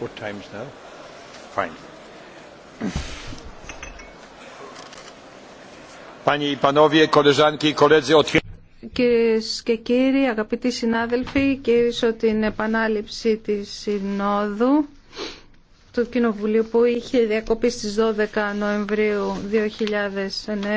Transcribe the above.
Κυρίε και κύριοι, αγαπητοί συνάδελφοι, κύριε την επανάληψη της Συνόδου του Κοινοβουλίου που είχε διακοπεί στις 12 Νοεμβρίου 2009.